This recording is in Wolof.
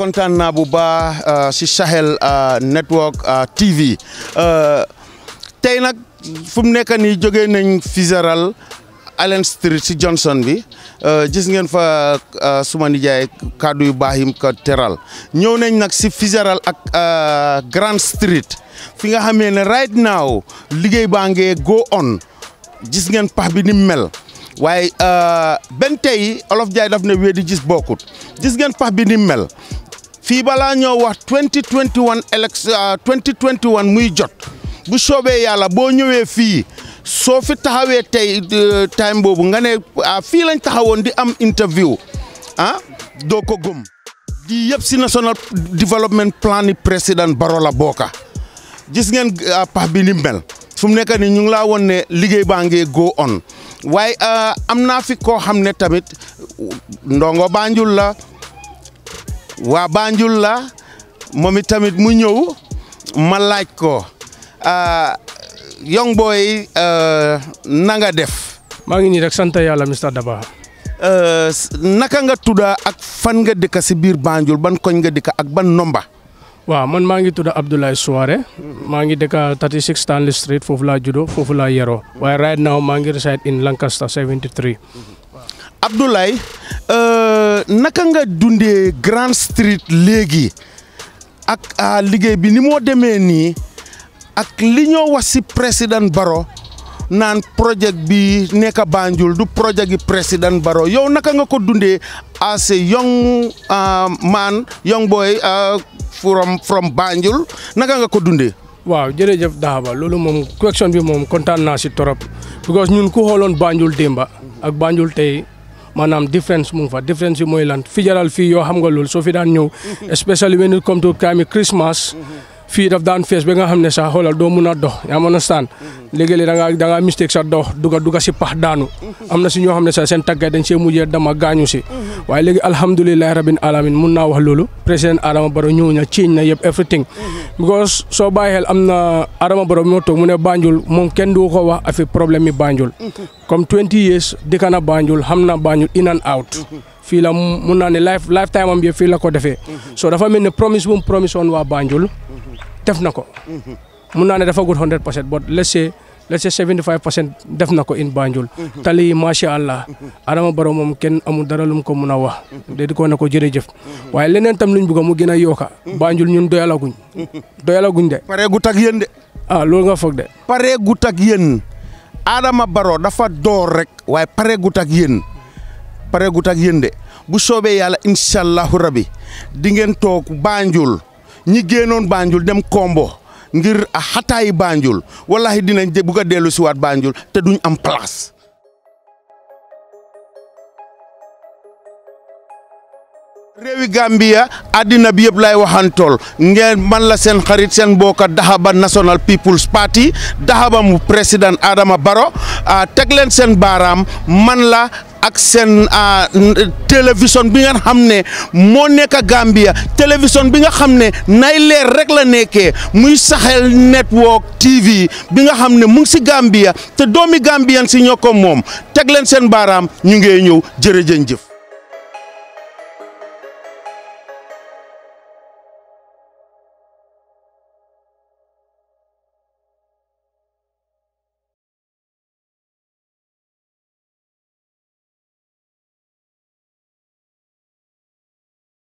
kontaan naa bu baax euh, si Sahel euh, network euh, TV tey nag fu mu nekk nii jógee nañ Fitzgerald Allen Street si Johnson bi gis ngeen fa suma nijaay kàddu yu baax yim ko teral ñëw nañ nag si Fitzgerald ak Grand Street fi nga xamee ne right now liggéey baa ngee go on gis ngeen pax bi ni mel waaye benn tey olof jaay daf ne wéy di gis bokkut gis ngeen pax bi ni mel fii balaa ñoo wax 2021 élection 2021 muy jot bu soobee yàlla boo ñëwee fii soo fi taxawee tey euh, time boobu nga ne ah, fii lañ taxawoon di am interview ah doo ko di yëpp si national development plan ni président Barrow la bokka gis ngeen ah, pax bi ni mel fu mu nekk nii ñu ngi laa woon liggéey baa ngee go on waaye ah, am naa fi koo xam ne tamit ndongo Banjul la. wa Banjul la momi tamit mu ñew ma laaj ko ah, young boy ah, na nga def. ma ngi ni rek sante yalla Mr Daba. Ah, naka nga tuda ak fan nga dekk ci bir Banjul ban koñ nga dekk ak ban nomba. wa man ma ngi tuda Abdoulaye Souare ma ngi dekk 36 Stanley Street fofu la judo fofu la yero way right now ma ngi reside in Lancaster 73. Abdoulaye. naka nga dundee Grand Street léegi ak ah, liggéey bi ni moo demee nii ak li ñoo wax si président baro naan projet bi nekk Banjul du projet gi président baro yow naka nga ko dundee as a young ah, man young boy ah, from from Banjul naka nga ko dundee. waaw jërëjëf Dahaba loolu moom question bi moom kontaan naa si trop because ñun ku xooloon Banjul démba ak Banjul tey maanaam différence mu ngi fa différence yi mooy lan fi jaral fii yoo xam nga loolu soo fi daan ñëw mhm. especially when it come to time Christmas mhm. fii daf daan fees ba nga xam ne sax a doo mun a dox yaa mën a saan mhm. léegi-léeg da ngaa da ngaa mistake sax dox duga duga si daanu mhm. am na si ñoo xam ne sax seen tàggat dañ see mujjee dama gaañu si mhm. waaye léegi alhamdulilahi rabbil alamin mun naa wax loolu président Adama Barrow ñëw na ciiñ na yëpp everything because soo bàyyi xel am na Adama Barrow moo toog mu ne Banjul moom kenn du ko wax afi problème mi Banjul comme 20 years dëkk na Banjul xam na Banjul in and out fii la mun naa ne life lifetime am yëpp fii la ko defee so dafa mel ne promise bu mu promise woon waa Banjul def na ko. mun naa ne dafa gudd 100 percent but let's say let's say 75 na ko in Banjul. tali macha allah. Adama Barrow moom kenn amul dara lu mu ko mun a wax. de di ko ne ko waaye leneen tam luñ bëgg mu gën a yooka. Banjul ñun doyalaguñ. doyalaguñ de. pareegut ak yéen de. ah loolu nga foog de. pareegut ak yéen. Adama Barrow dafa door rek. waaye pareegut ak yéen. pareegut ak yéen de bu soobee yàlla incha allahu rabi di ngeen toog baanjul ñi génnoon Banjul dem Kombo ngir xataayi Banjul wallahi dinañ bu ko dellu siwaat Banjul te duñ am place réewi Gambia àddina bi yëpp lay waxantool ngeen man la seen xarit seen mbokk Dahaba National People's Party Dahaba mu président Adama Barrow teg leen seen baaraam man la ak seen ah, télévision bi nga xam ne moo nekk Gambia télévision bi nga xam ne nay leer rek la nekkee muy Sahel network TV bi nga xam ne mu si Gambia te doomi Gambian si ñoo ko moom teg leen seen baaraam ñu ngee ñëw jërëjëf.